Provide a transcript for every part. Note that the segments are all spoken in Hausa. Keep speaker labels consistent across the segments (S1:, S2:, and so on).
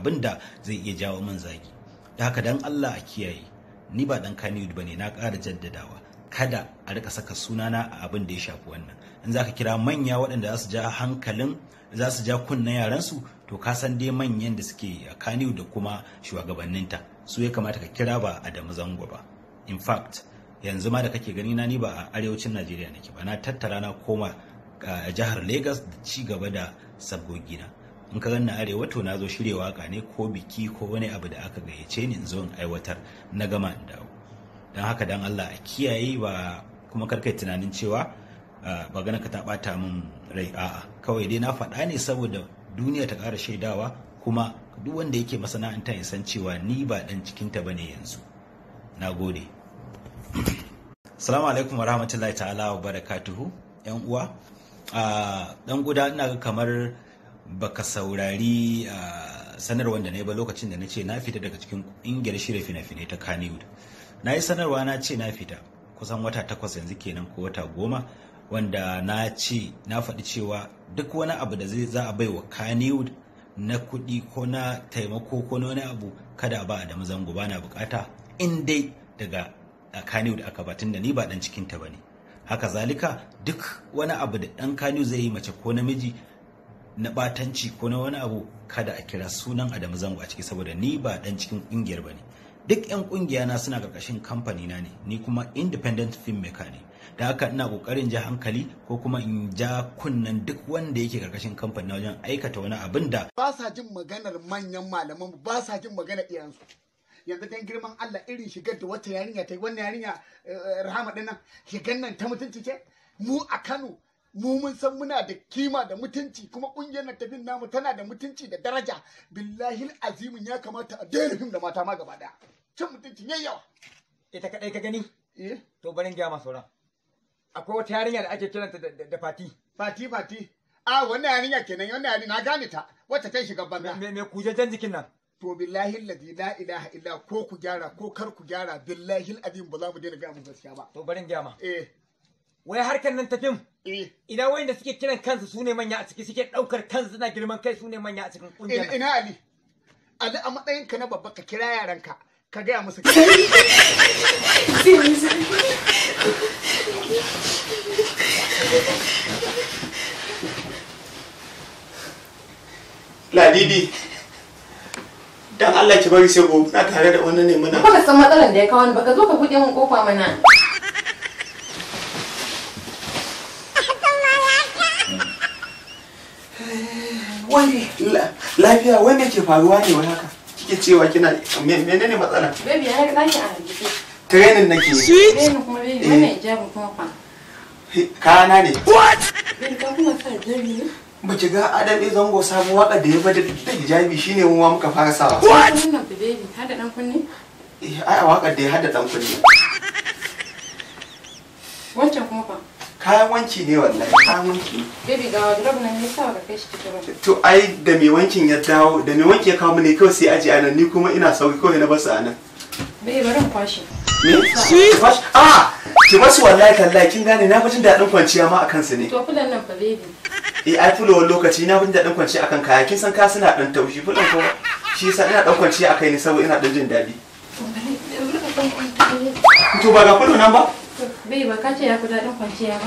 S1: abin da zai iya jawo min zagi da haka dan Allah a kiyaye ni ba dan Kannywood bane na ƙara jaddadawa kada a rika saka sunana a abin da ya shafi wannan in zaka kira manya waɗanda za su ja hankalin za su ja kunnen yaransu to ka san dai manyan da suke a Kannywood da kuma shugabanninta su ya kamata ka kira ba a da zango ba in fact yanzu ma da kake gani na ni ba a arewacin Najeriya nake ba na tattara na koma a jihar Lagos da ci gaba da na. in ka ganna arewa to na zo shirya waka ne ko biki ko wani abu da aka gayyace ni in zo in aiwatar na gama in dawo don haka dan Allah a kiyaye ba kuma karkai tunanin cewa ba gana ka ta bata min rai a'a kawai dai na faɗa ne saboda duniya ta ƙara shaidawa kuma duk wanda yake masana'anta ya san cewa ni ba dan cikinta bane yanzu na gode salamu alaikum wa rahmatullahi ta'ala wa barakatuhu yan uwa dan guda ina kamar baka saurari ah, sanarwar da na yi ba lokacin da na ce na fita daga cikin ingiyar shirya fina-finai ta Kannywood. Na yi sanarwa na ce na fita kusan wata takwas yanzu kenan ko wata goma wanda na ce na faɗi cewa duk wani abu da zai za a bai wa Kannywood na kuɗi ko na taimako ko na wani abu kada a ba a da mazango ba na bukata in dai daga Kannywood aka ba da ni ba dan cikinta ba ne. Haka zalika duk wani abu da ɗan Kannywood zai yi mace ko namiji na batanci ko na wani abu kada a kira sunan Adamu Zango a ciki saboda ni ba dan cikin kungiyar ba ne duk 'yan kungiya na suna karkashin kamfani na ne ni kuma independent filmmaker ne da haka ina kokarin ja hankali ko kuma in ja kunnen duk wanda yake karkashin kamfani na wajen aikata wani abin da
S2: ba sa jin maganar manyan malaman ba sa jin maganar iyansu yanzu dan girman Allah irin shigar da wata yarinya ta yi wannan yarinya eh, eh, rahama dinnan shigar nan ta mutunci ce mu a Kano mu mun san muna da kima da mutunci kuma kungiyar na tafin namu tana da mutunci da daraja billahi azimin ya kamata a daina fim da mata ma gaba daya cin mutuncin yayi yawa ita kadai ka gani eh to barin gaya ma sauran akwai wata yarinya da ake kiranta da fati fati fati a wannan yarinya kenan wannan yarinya na gane ta wacce ta shiga banza me me jan jikin nan to billahi alladhi la ilaha illa ko ku gyara ko kar ku gyara billahi alazim ba za mu daina ga mu gaskiya ba to barin gaya ma eh wai harkar nan ta fim eh. ina wayanda suke kiran kansu su ne manya a ciki suke daukar kansu na girman kai su ne manya a cikin kungiyar ina ali a da matsayin ka na babba ka kira yaran ka ka gaya musu
S3: Ladidi, dan Allah ki bari sai gobe na tare da wannan ne muna.
S2: Ba ka san matsalar da ya kawo ni ba ka zo ka buɗe min kofa mana. wani
S3: lafiya wai me ke faruwa ne wai haka kike cewa kina menene matsala baby ya ga daki a rikice training nake yi training kuma baby wannan hijabin kuma fa eh, kana ne what baby
S1: ka kuma sa hijabi ne
S3: ba ki ga adam zango sabon waka da ya bada da hijabi shine mu muka fara sawa what
S1: wannan baby hada dan kunne
S3: eh ai waka da ya hada dan kunne wancan kuma fa kayan wanki ne wallahi kayan wanki
S1: baby ga wardrobe nan ne sa ka kai shi kitchen
S3: to ai da mai wankin ya dawo da mai wanki ya kawo mu ne kawai sai aje anan ni kuma ina sauki kawai na basu anan
S1: baby bari kwashi me shi
S3: kwashi ah ki basu wallahi tallahi kin gane na fi jin daɗin kwanciya ma a kansu ne
S1: to fulan nan fa baby
S3: eh ai fulo wani lokaci na fi jin daɗin kwanciya akan kaya kin san ka suna ɗan taushi fulan ko shi yasa ina ɗan kwanciya akai ne saboda ina ɗan jin daɗi to ba ga fulo nan ba Bai ba ka ce ya fi daɗin kwanciya ba?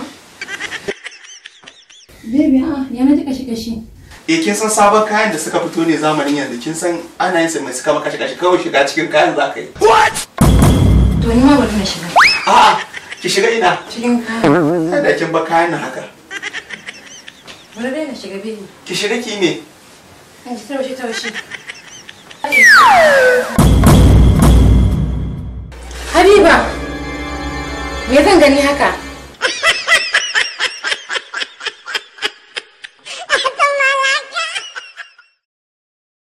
S3: Baby ha ya na ji kashi-kashi. E kin san sabon kayan da suka fito ne zamanin yanzu kin san ana yin mai suka maka kashi kawai shiga cikin kayan za ka yi. What? To ni ma bari na shiga. A'a ki shiga ina. Cikin kayan. Kada kin ba kayan nan haka. Bari dai na shiga baby. Ki shiga ki ne. An ji
S1: Habiba. me zan gani haka